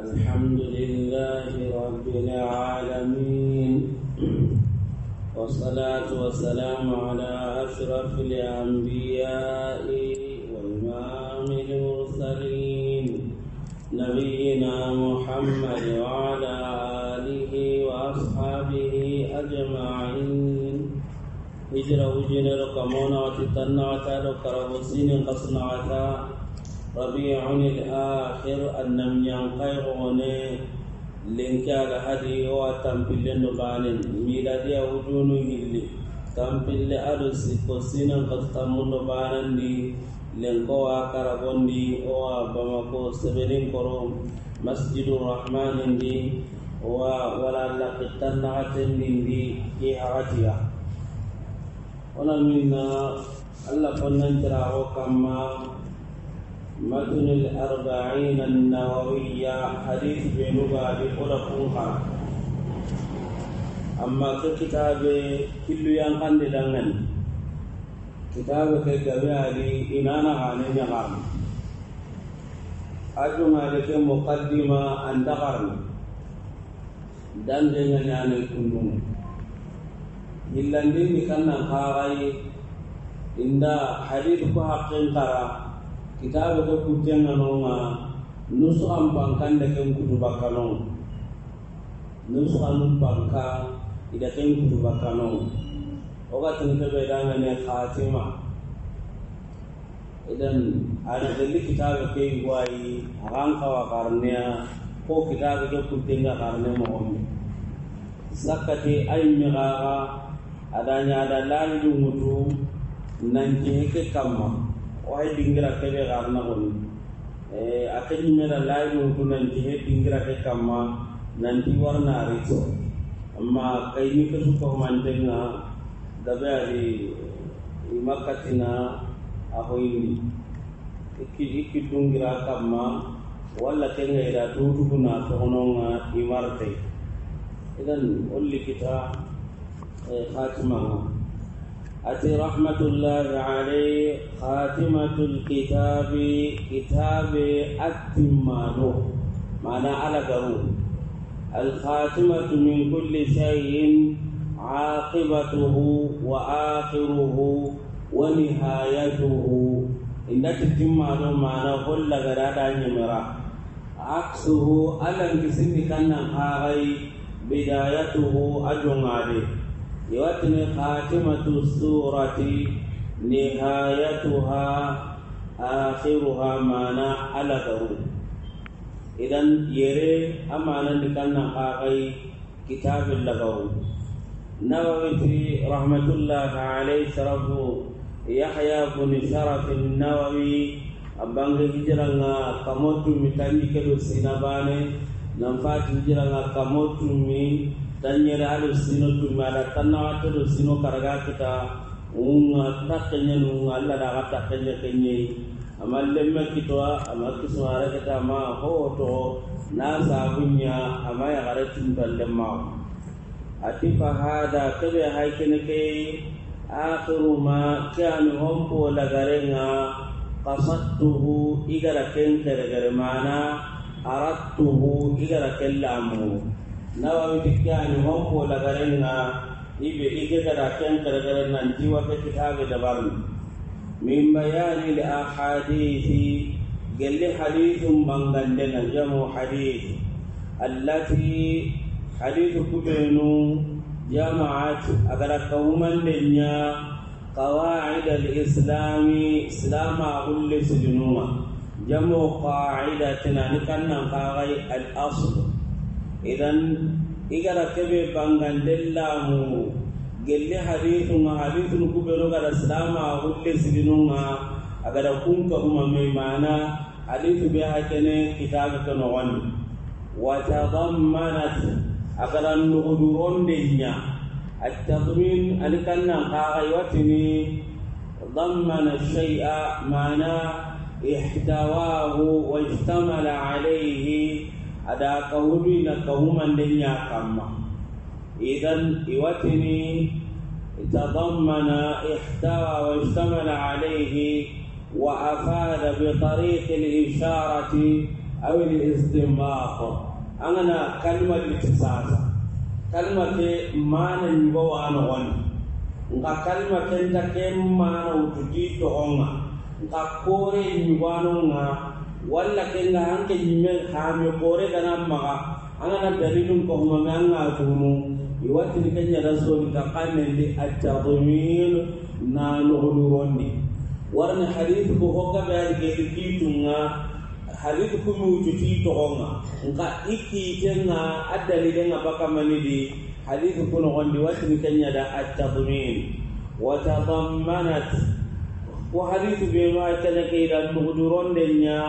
الحمد لله رب العالمين والصلاة والسلام على أشرف الأنبياء وإمام المرسلين نبينا محمد وعلى آله وأصحابه أجمعين هجر وجنر كمونا وتتنعتا وكربسين قصنعتا rabiun il akhir annam ñankay xoone linkaga hadi o a tampille no banin miɗadi a wujunu hilli tampille aɗo sikko sinan kat tammu no banandi lenko wa karagondi o a bamako sebenin koro masjidu rahmani ndi wa wala laki tannaxatenni ndi ki axatiya onamina allah ponnantiraxo kamma متن الأربعين النووية حديث بنبا بقرقوها أما كتاب كل ينقل لنن كتاب كتابي إنانا عن النغام أجمع لك مقدمة أن دغرنا دندن عن الكنون إلا أن كان خاغي إن حديث حق قرأ kitabe ko kutenga nonga nusu an bankan da ken kutu bakano nusu an banka ida ken kutu oga tinke be danga ne khatima idan ana dalli kitabe ke gwai aran kawa karniya ko kitabe ke kutenga karne mo gombe sakati ay miraga adanya da lalu mutu nan ke kamma o hay dingira kebe ga na gonni eh akanyi mena lai mu tunan ti he dingira ke kama nan ti warna rito amma kai ni ka su ko eh, mantenga dabe ari imakatina ahoyni iki e iki e dungira kama walla kenga ira e tutuguna togononga imarte idan olli kita khatimanga eh, أتي رحمة الله عليه خاتمة الكتاب كتاب التمان معنى على قرون الخاتمة من كل شيء عاقبته وآخره ونهايته إن تتمان معنى كل غرادة نمرة عكسه ألم كسن كان هاغي بدايته أجمع عليه بوتن خاتمة السورة نهايتها آخرها معنى على ذروه إذن يري أما نكنا قاقي كتاب اللغو نووي في رحمة الله عليه شرف يحيى بن شرف النووي أبانغ هجرنا قموت متنكر سينبانه nan fati jiranga kamo tummi tanyere alo sino tummi ala tannawatoro sino karagatita unga takkenyen unga alla daga takkenye kenyei ama lemme kitowa ama kiso harakata ama hooto na sabunya ama yagare tumta lemmao ati fa hada kebe haykene kei akhiru ma ke ami hompo lagarenga kasattuhu igara kenkeregere manaa aradtuhu igara kellamu nawa mitikani la garenga ibe igara ken karagarenga njiwa ke kitabe dabarni min bayani li ahadithi gelli hadithum mangandena jamu hadith allati hadithu kubenu jama'at agara kauman denya قواعد الإسلام إسلام أقول سجنوما جمع قاعدة نكنا قاعي الأصل إذن إذا كبي بانغان دلامو gelli hadithu ma hadithu nu kubero kada salama hulle sidinu ma agada kunka kuma mai mana hadithu be hakene kitabu kano wani wa tadammanat agada nuhuduron denya at-tadmin alikanna qaga watini mana احتواه واشتمل عليه ادا قومي نقوما دنيا كما اذا يوتني تضمن احتوى واشتمل عليه وافاد بطريق الاشاره او الاستنباط انا كلمه الاتصال كلمه ما maana ñugo waano wonde nga kalma kenta ke nka kore ñugano nga walla kenga anke ñimme hame kore gana maga angana dalilum kohmame anga tunu iwattini keñada soni ka kanendi attadmir nanoxonurondi warne hadith ko hokkaɓe ari geri kiitunga hadith kumuucu tii toxonga nka i kiitenga a dalilenga bakamanidi hadith kunoxondi wattini keñada attadmir وتضمنت ko hadithu be ma tana ke da muhduron den nya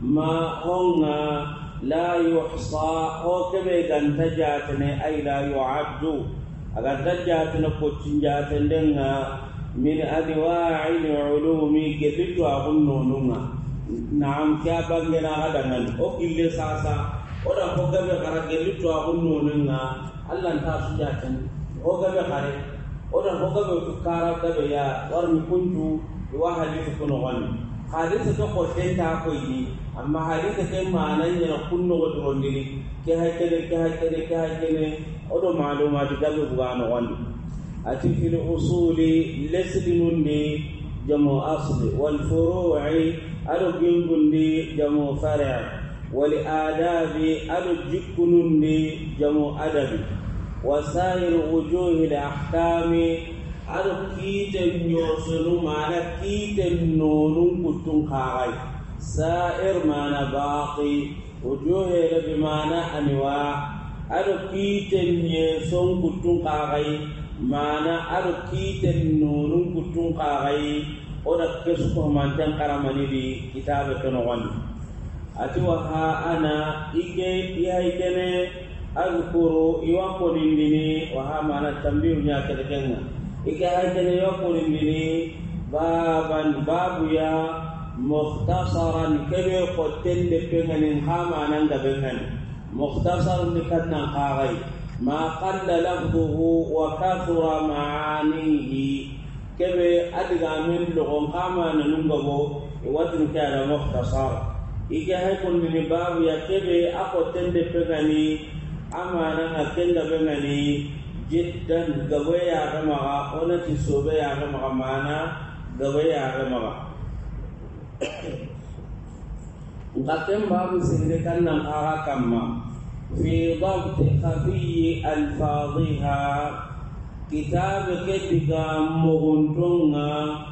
ma honga la yuhsa o ke be ta taja tane ay la yu'addu aga taja tane ko tinja tane nga min adwa'i ulumi ke bitu a gunno nunga naam kya bangena na hada nan o kille sa sa o da ko gabe kara ke bitu a gunno nunga allah ta su ja tane o gabe kare o da ko gabe ka ra gabe ya warmi kuntu wa hadithu kuno wani hadithu to ko tenta ko yi amma hadithu ke ma'anan yana kunno go drondiri ke hakene ke hakene ke hakene odo ma'luma di galu bugano wani ati fil usuli lesdinundi jamu asli wal furu'i ado gingundi jamu far'a والآداب أدو جكنن جمو أدب وسائر وجوه الأحكام har kiten yosunu mana kiten nonun kutun kagai sa'ir mana baqi da bi mana anwa ado kiten yeson kutun kagai mana ado kiten nonun kutun kagai oda kesuko mantan karamani di kitabe kono wani ati wa ha ana ike ya ikene azkuru iwa konindini wa ha mana tambiru nya kedekenga ikahantene yokurindini baban babuya mukhtasaran kebe kotten de penganin hamanan da bengan mukhtasar ni kannan kagai ma qalla lafuhu wa kathura ma'anihi kebe adiga min logon hamananun gabo iwatin kana mukhtasar ike babu ya kebe akotten de pengani amananga kenda bengani جدا غوي آدم آغا أنا في سوبة آدم آغا مانا غوي آدم آغا قتم باب سيد كان نقارا كما في ضبط خفي ألفاظها كتاب كتب مغنطنها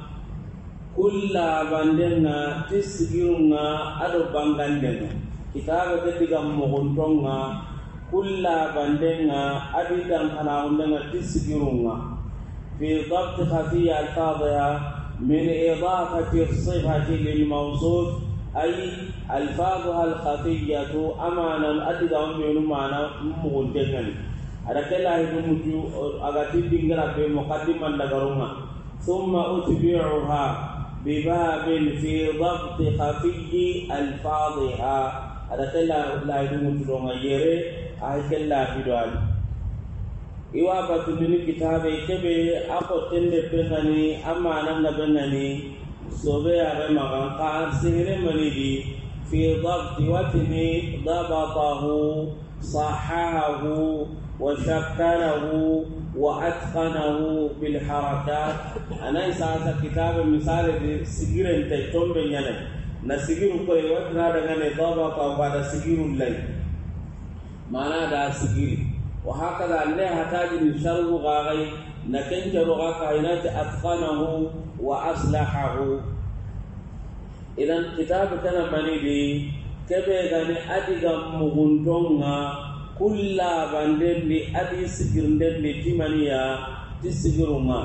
كل بندنا تسجنها أدو بندنا كتاب كتب مغنطنها كل بندنا أبدا عندنا تسجرنا في ضبط خفي ألفاظها من إضافة الصفة للموصوف أي ألفاظها الخفية أمانا أبدا من معنى مغدنا ada kala hidu muju agati dingara be muqaddiman dagarunga ثم أتبعها بباب في ضبط خفي ألفاظها هذا كلا لا يدوم ake lafidwani iwa batu bini kitabe kebe ako tende pekani ama ananda benani sobe ya re magan ka sihire manidi fi da watini dhabatahu sahahu wa shakkanahu wa atqanahu bil harakat ana isa sa kitabe misale di sigire ntay tombe nyale na sigiru ko e na daga ne ba wa da sigirin lai mana da sigiri wa haka da Allah ya taji min sharru gagai na kanta ruga kainati atqanahu wa aslahahu idan kitabu kana di bi kebe gani adiga mugundonga kulla bande bi adi sigirnden bi timaniya tisigiruma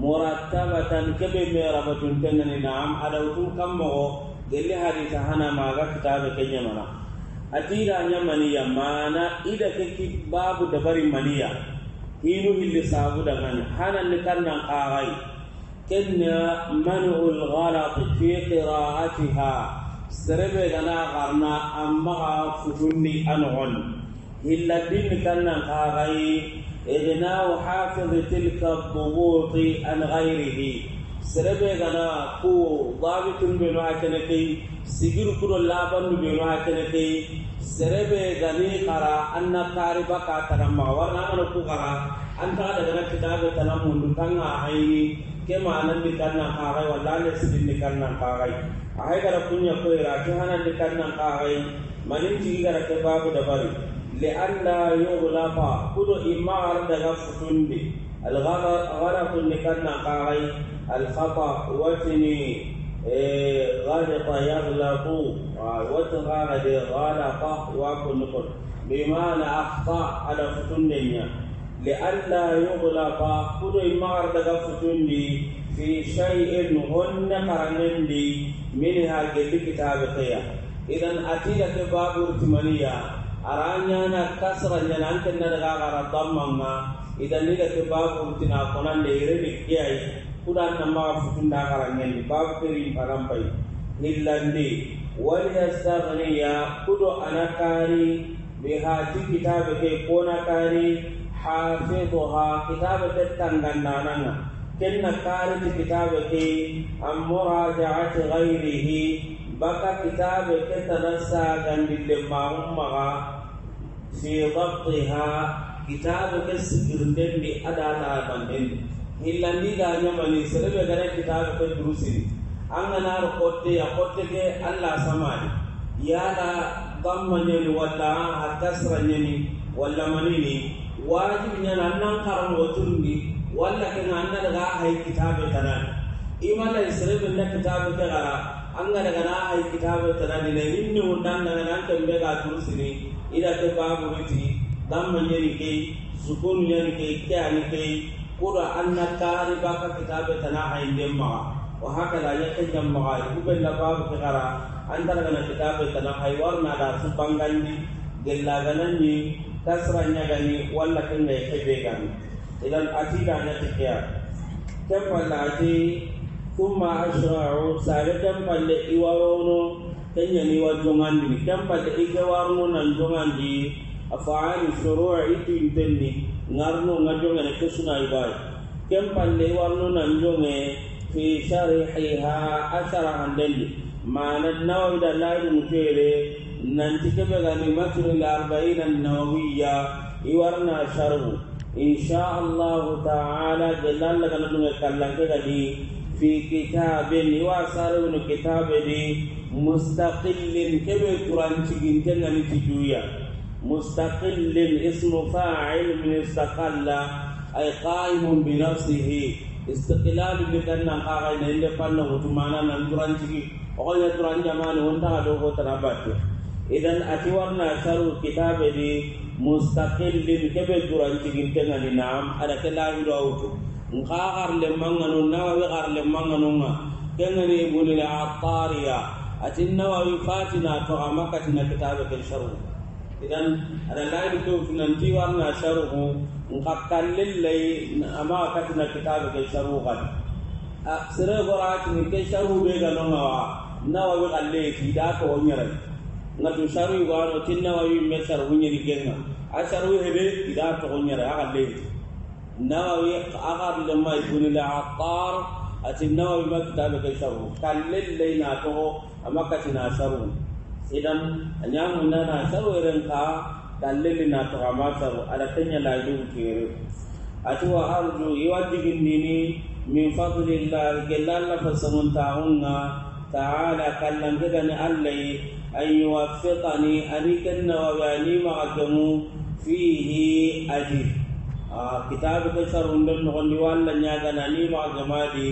murattabatan kebe me rabatun tanani na'am adawtu kammo gelli hadisa hana maga kitabu kenyamana atiranya maniya mana ida kiki babu dabari maniya hinu hilli sabu dagani hananni kannan kagai kenna manu al-ghalat fi qira'atiha serebe gana garna amma ga futunni anogon hilladinni kannan idna wa hafiz tilka bubuti an ghairihi serebe gana ko tun babitun beno na kai sigir kuro labandu beno na kai serebe gani kara anna kari baka ma warna an ku kara anta daga na kitabe tanammu a hayni ke manan di kanna kare walla ne sidin di kanna kare a gara kunya ko kan hanan di kanna kare manin tigi gara ke babu dabari li anna yughlaqa kudo imar daga futundi al kun ni kan ka kare الخطأ وتني إيه، غلط يغلط آه، وتغاد غلط وكنقل بمعنى اخطا على فتنيا لئلا يغلط كل ما أردك فتني في شيء هن قرنندي منها كتاب قيا إذا أتيت باب الثمانية كسر أن أنت ندغا على الضمم إذا لك باب الثمانية قنان ليريك nama புதா நம்மா புதுண்டாங்கறங்க பாக்கரி பரம்பை இல்லந்தி வலியஸ்தனியா புது அனகாரி பிஹாஜி கிதாபே போனகாரி ஹாஃபிதுஹா கிதாபே தங்கன்னானங்க kenna kare ti kitabe amora amuraja'at ghairihi baka kitabe sa tanassa gandille maumma fi dhabtiha kitabe ke sigirden bi adata bandin hillandi ga nyamani serebe gara kitabe ko durusiri angana ro kotte ya kote ke alla ya da damma nyani wala hakasra nyani walla manini wajib nyana annan karam wotundi wala ke anna daga hay kitabe tanan imala serebe nda kitabe ke gara anga daga na hay kitabe tanan ne ne undan daga nan tambe ga durusiri ida ke babu witi damma nyani ke sukun ni ke kya ni ke kura an na tari ba ka fita bai a yi hayin maga wa haka da ya kan yan maga ku bai na ba ka kara an daraga na fita bai tana na haiwar na da su bangani gilla ganan ne tasirar ya gani wanda kan ya ke bai gani idan a ti da ya ta kiya kyan falla ce kun ma a shirarru sare kyan falla iwarono kan yi ne wajen wani kyan falla ike warunan jungan di a fa'ani shirarru a ikin tunni ngarno ngajonge ne sungai bai kem pande warno nanjonge fi sharihiha ashara handendi mana nan laidu mutere nanti ni gani matrul arba'in an i warna sharhu insha Allah ta'ala jalalla kana dunga kallange gadi fi kitabin wa sarun kitabin mustaqillin kebe qur'an cigin tenani tijuya مستقل اسم فاعل من استقل أي قائم بنفسه استقلال بكنا قاعد إلا فنا وتمانا نمران تجي وقال تران جمان وندا دوه تنابات إذن أتورنا شر كتاب دي مستقل كبر تران تجي كنا لنام على كلام روت نقاعر لمن نوى وقار لمن نوى كنا نقول العطارية أتنا وفاتنا تغمكتنا كتابك الشر idan ada lahi to tunanti warna sharuhu muqakkal lillahi ama katna kitab ke sharuhu qad a ah, sere borat ni ke sharuhu be ga nonga wa nawa wi alle ti da ko na ngatu sharuhu wa no tinna wa yi me sharuhu nyiri gena a he sharuhu hebe ida to onyare a alle nawa wi agar le mai kuni la aqar atin nawa wi ma kitab ke sharuhu kallil lay na to ama katina sharuhu idan nyamu nana sawirin ka dalili na tokama sabu ala kere a tuwa kiri yi wa arju nini min fadlillah gelalla fasamun ta'unga ta'ala kallan ni allai an yuwaffiqani arikan nawabani ma'akamu fihi ajib ah, kitabu ka sarundon nogondi walla ñaganani ma'akamadi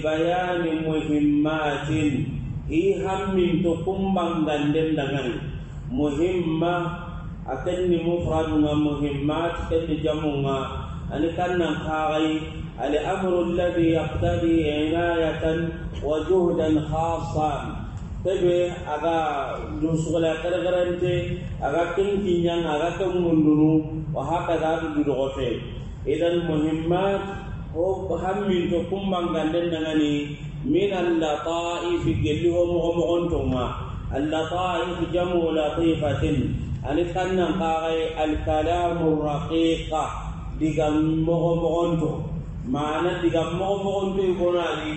bayanin muhimmatin iham min kumbang dan dendangan muhimma akan ni mufrad muhimma akan dijamunga jamu ma ani kan nan khari al amru alladhi yaqtadi inayatan wa juhdan khassan tabe aga dusugala karagarante aga kin kinyang aga kan munduru wa hakaza du dogote idan muhimma ko hammin to kumbang dan dendangan ini. من اللطائف جلهم غمغن توما اللطائف جمع لطيفة أنتنا قاغي الكلام الرقيق دقم غمغن تو معنى دقم غمغن تو يكون علي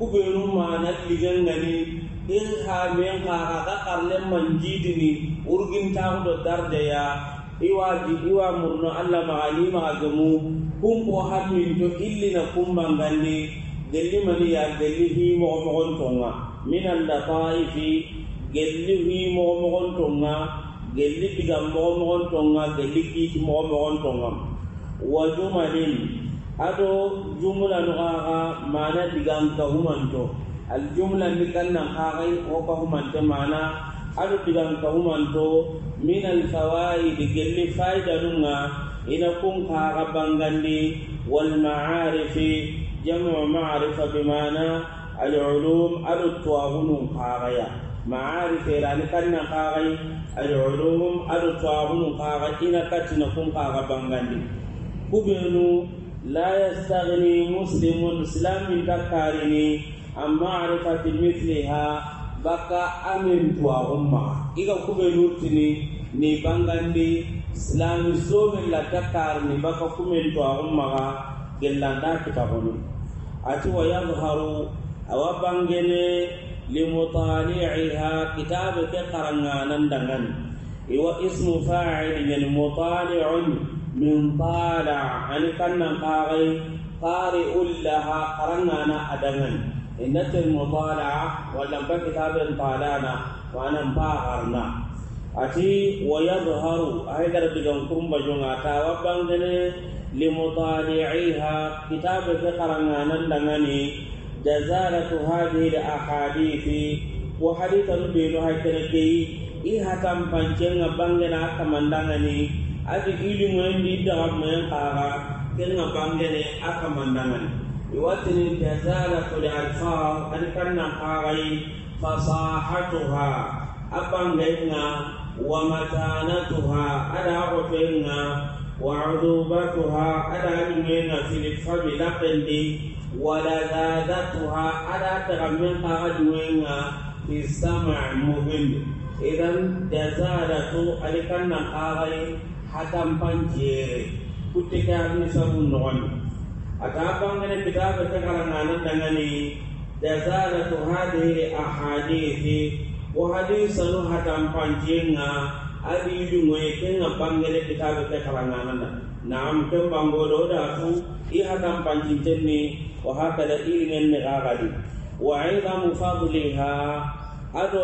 كبير معنى لجنني إلها من قاغا قرل من جيدني أرغن تاغد درديا إيوا di iwa murno Allah magani magagamu kun ko hammin to illina kun bangande gelli mani ya gelli hi mogo mogon tonga minan da taifi gelli hi mogo mogon tonga gelli bigam mogo mogon tonga gelli kiti mogo mogon tonga wa jumalin ado jumla nugaga mana digam ka humanto al jumla mi kanna kagai o ka humanto mana ado digam ka humanto min al di gelli faida dunga ina kung ka gabangandi wal ma'arifi جمع معرفة بمعنى العلوم الطواغن قاغيا معارف إلى كان قاغي العلوم الطواغن قاغي إن كتنكم قاغ بانغاندي كبيرو لا يستغني مسلم إسلام تكارني عن معرفة مثلها بقى أمن طواغن إذا كبيرو تني ni bangandi so min la takar ni baka kumen to a maga gellanda kita ati wa yadhharu awa bangene limutali'iha kitabe ke karanganan dangan iwa ismu fa'il yani mutali'un min tala an kannan qari qari'un laha karangana adangan innatil mutala'a lam ba kitabin talana wa nan ba harna ati wa yadhharu aidar digan kurumba jonga ta wa bangene لمطالعيها كتاب فقرنا نندمني جزالة هذه الأحاديث وحديث البين هكذا i hatan pancenga bangena akamandangani adi ilimwendi dagamayan kaga kenga bangene akamandangani iwatini jazalatu lalfar ani kanna kagai fasahatuha abangenga wa matanatuha ada agotenga وعذوبتها على من في الفم لقندي ولذاذتها على تغمن أدوينا في السمع مهم إذا جزالة ألكن قاري حتى مبانجيري كتك من سبو النغم أتابع من الكتاب تقرنا ندنني جزالة هذه الأحاديث وحديث نهتم بنجيرنا ari moye kenga bangere kitabe ke na naam ke bangoɗo da fu i hatan pancinten ni wa hakada ilmen ne gagadi wa mufadliha ado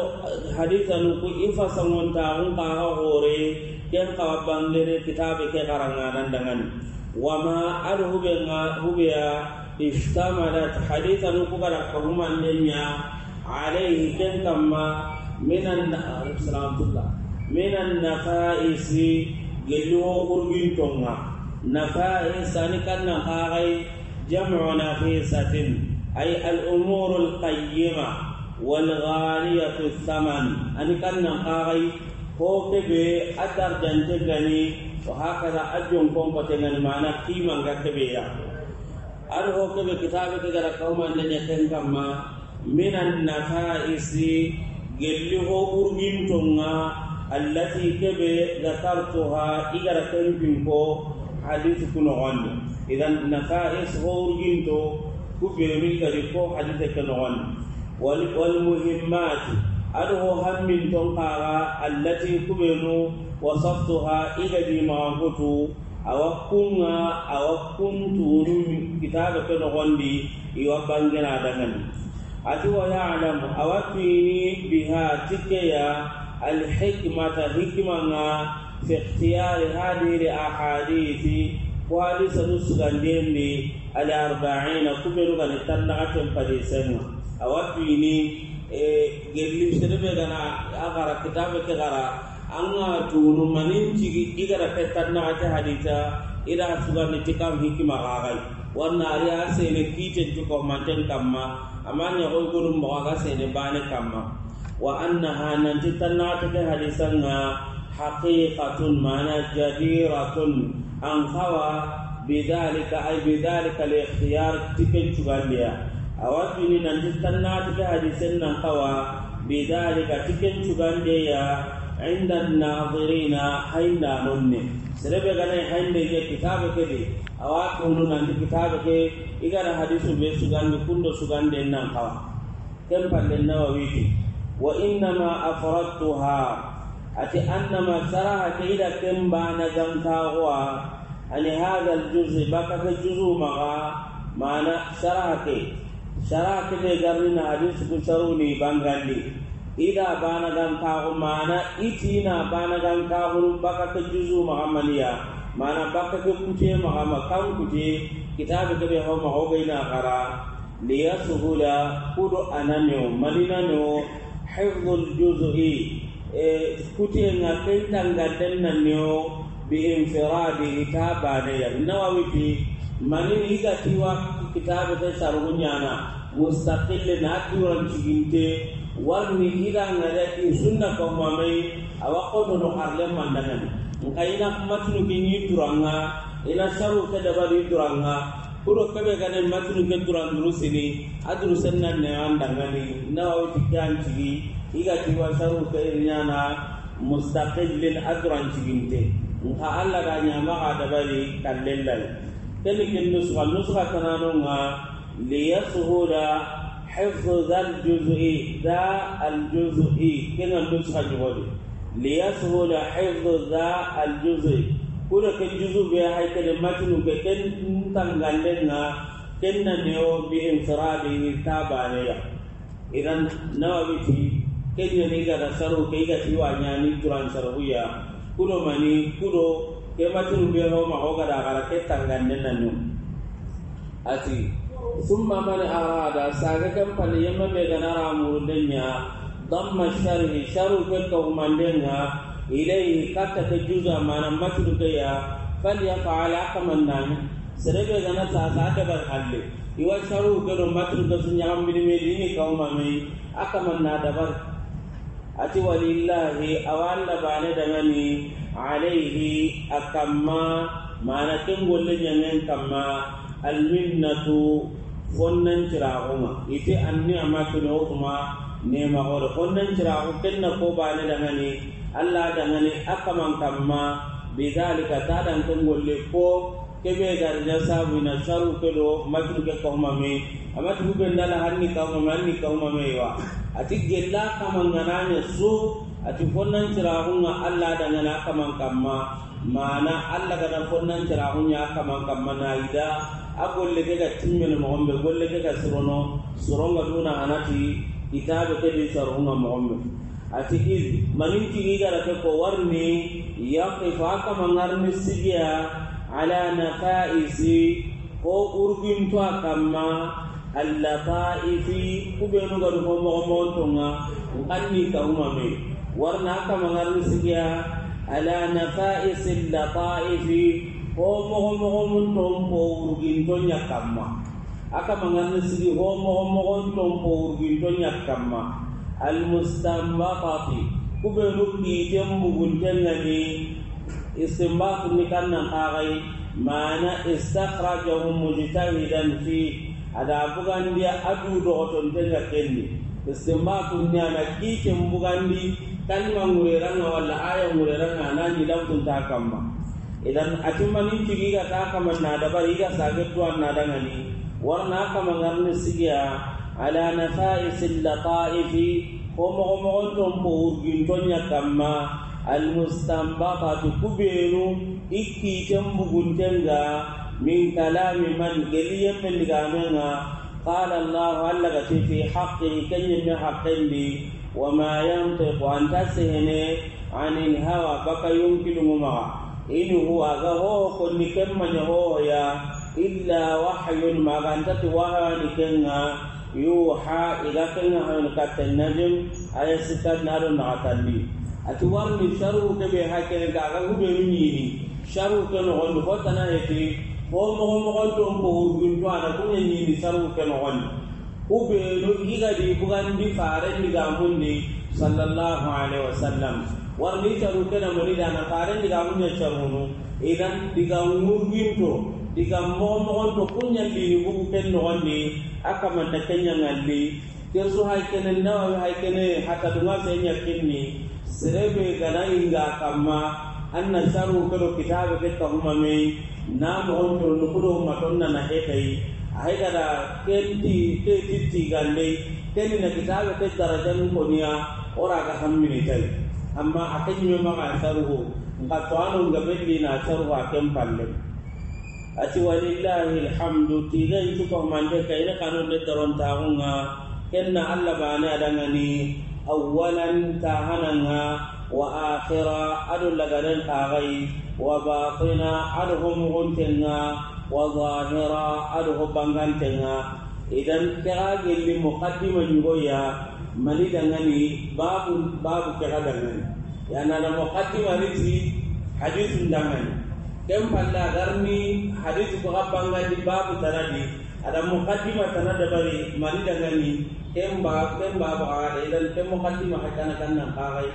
haditha nu ku i fasangontaxun kaxa hore, ken kawa bangere kitabe ke ma wama be nga hubia istamalat nu ku kala kahumanden ña alayhi ken kamma minan salamtullah minan nafaisi gelli wo urgin tonga nafais ani kannan kaxay jamu nafisatin ay al'umuru alqayyima walghaniyatu thaman ani kannan kaxay ko kebe a dardante gani wa hakaza a jonkonkote gani mana kimanga kebeya aɗa ho kebe kitabe ke gara kawmande ñeken kamma minan nafaisi gelli ho urgintonga allati kebe zakartuha igara tempin ko hadithu kunogondi idan nakais hurginto kufirimin kadi ko hadithu kunogondi wal wal muhimmat adho hammin ton qara allati kubenu wasaftuha ila di mahutu awakunga awakun turum kitab to nogondi iwa bangena dangan ati wa ya'lam awatini biha tikya alhikmata hikima nga fi ikhtiyari hadhihi ahadithi ko hadisa du sugandiyendi al arbaina kumenu gani tannakaten padisenga awatuini gerlimsedebe gana agara kitabe ke gara anga tunu manin cigi igara pe tannakate hadita ira sugandi tikam hikima gagai wanna ari asene kiten tukomanten kamma amanya hoy gurum mo aga ba bane kamma wa annaha nan tanna ta ga hadisan na haqiqatun ma'ana jadiratun an fawa bidhalika ay bidhalika li ikhtiyar tikin chugandiya ni nan tanna ta ga hadisan nan kawa bidhalika tikin tubaliya inda nadirina hayna nunni serebe gane hande ke kitabu ke de awatu nun nan kitabu ke igara hadisu be sugande kundo den nan kawa kan palle nawa wa innama afradtuha ati annama saraha kaida kemba na zankawa ani hadha aljuzi ba ka juzu maga mana saraha ke saraha ke be garina hadis ku saruni bangandi ida iti gankawa mana itina bana gankawa ba ka juzu maga maniya mana ba ka kuje maga kan kuje kitabu ke be hawa kara liya suhula kudu ananyo malinanyo hifdhul juz'i eh, kuti nga kenta ngatenna neo bi infiradi kitabane ya nawawiti mani higatiwa kitabu te sarugunyana mustaqille na turan ciginte warni ira ngadati sunna ko mamai awa ko no harle mandanan ngai na kinyi turanga ina saru ke dabari turanga kuro kebe gane matunu ke duran durusini aduru senna ne andangani nawa wuti kanci iga tiwa saru ke irnyana mustaqillin aduran ciginte nka alla ga nyama ga dabari kallellal kemi kin nusra nusra kanano nga liyasuhura حفظ الجزء ذا الجزء كنا نسخة جهود ليسهل حفظ ذا الجزء kuda ke juzube hay kede matinu ke ken gande na ken na neo bi insirabi ne ya idan nawawi ti ken ne ni ga saru ke ga tiwa nyani turan saru ya kudo mani kudo ke matinu be ho ma ho ga da gara ke gande na nyu ati summa man arada saga kan pal yamma be ga na ramurudenya damma sharhi sharu ke ko mandenya ilai kata ta juza mana matu ya fal ya fa'ala kaman nan sirabe zana ta sa ta bar halle iwa sharu gado matu da sun yawan bin me dini ka umma me aka manna da bar ati walillahi awalla bane da mani alaihi akamma mana tun gollen yanayin kamma alminnatu fonnan kirahuma ita an ni a matu ne kuma nema hore fonnan kirahu kenna ko bane da mani alla dangani akaman kamma bidhalika tadan tun golle ko kebe garja sabu ina saru ke do matu ke kahma me amatu be ndala hanni kahma me hanni kahma me wa ati gella kaman gananya su ati fonnan cirahunga alla dangana akaman kamma mana allah gana fonnan cirahunya akaman kamma na ida a golle ke ga timmene mogonɓe golle ke ga sirono soronga duna anati itaɓe sarunga mo mogonɓe a atikizi maninki gigara ke ko warni yaqif aka mangarni sigiya ala na naqaisi ko urgin to akamma allataifi kubenu gadu ko mo mo tonga anni ka umame warna aka mangarni sigiya ala naqaisi allataifi ko mo mo mun tom ko urgin to nyakamma aka mangarni sigi ko mo mo tom ko urgin to nyakamma almustanbaqati kube nukki tem bugunten ngani istimbatu ni kannan kagai mana istakhrajahum mujtahidan fi ada dia adu dogoton tenga kenni istimbatu ni ana kiken bugandi kalma ngureranga walla aya ngureranga anani lamtun ta kamma idan atimmani ciki ga ta kamma na dabari ga sagetu an na dangani warna kamma ngarni sigiya ala nafa'is al-laqa'ifi homo homo don po urgin tonya kama almustanbatatu kubenu ikki tembuguntenga min kalami man geliye mendigamenga qala allah alla gati fi haqqi kanyemme haqqendi wama yantiqu an tasihne anil hawa baka yunkilumuma in huwa gaho konni kemmanya hoya illa wahyun magantati wahani kenga yuha iga kenga han katta najm aya sitat naro nagatandi ati warni sharu ke be hakene ga ga gube ni sharu ke no gondo hotana heti ho mo mo gondo ko urgun to ana kunya ni sharu ke no gondo kube no iga di bugandi fare ni ga mundi sallallahu alaihi wasallam warni sharu ke na murida na fare ni ga munya sharu no idan diga ngurgin to diga momogon to kun ñallini bugu ken ni a kamanta ke ñangalli kesu haikene nawa nawawi hay kene hatadunga se ñakkinni serebe gana inga kamma an na saru kedo kitabe ke kahuma me na mogon to nukudo maton nana hetayi a gada kenti ke tittigande keni na kitabe ke darajanu koniya ora ga hamminitayi amma a keñime maga saruho nka to ano ngaɓeɗɗina saruho a ken palle ati walillahi alhamdu tidai tu ko mande na kanu de daron taunga kenna alla bana adangani awwalan tahananga wa akhira adu laganan tagai wa baqina adhum guntenga wa zahira adhu bangantenga idan kira gelli muqaddima ngoya mali dangani babu babu kira dangani yana na muqaddima riti hadithun dangani kem palla garni hadith ko banga di babu tanadi ada muqaddimah tanada bari mari dangani kem ba kem ba ba dan kem muqaddimah hakana nan qarai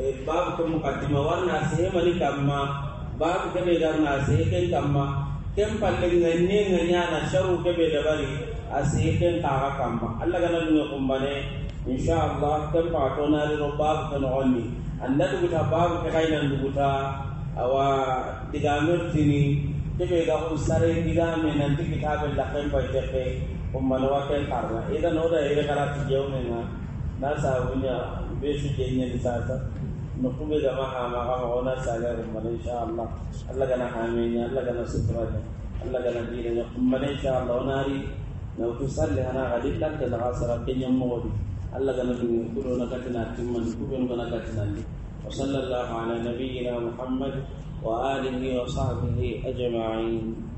e, babu kem muqaddimah warna sai mari kamma babu kem garna sai kem kamma kem palle ngenne nganya na sharu ke be dabari asi kem taga kamma allah gana dunga kumbane insha allah kem pa to na ri babu kan onni annadu ta babu ka kainan duguta awa diga mertini tebe ga ko sare diga me nan ti kitabe la kan pa jefe umman wa kan karna idan oda ire kala ti jeu ne na na sa wunya be su jenya ni sa sa no kuma da ma ha ma ga ho na sa ga umman insha Allah Allah ga kana haminya Allah ga na sutura sutra Allah ga na dire ya kuma ne insha Allah ri na ku salli ana ga lan da ga sara kenya mo Allah ga na kana ku kudo na katina timman ga na katina ni وصلى الله على نبينا محمد وآله وصحبه أجمعين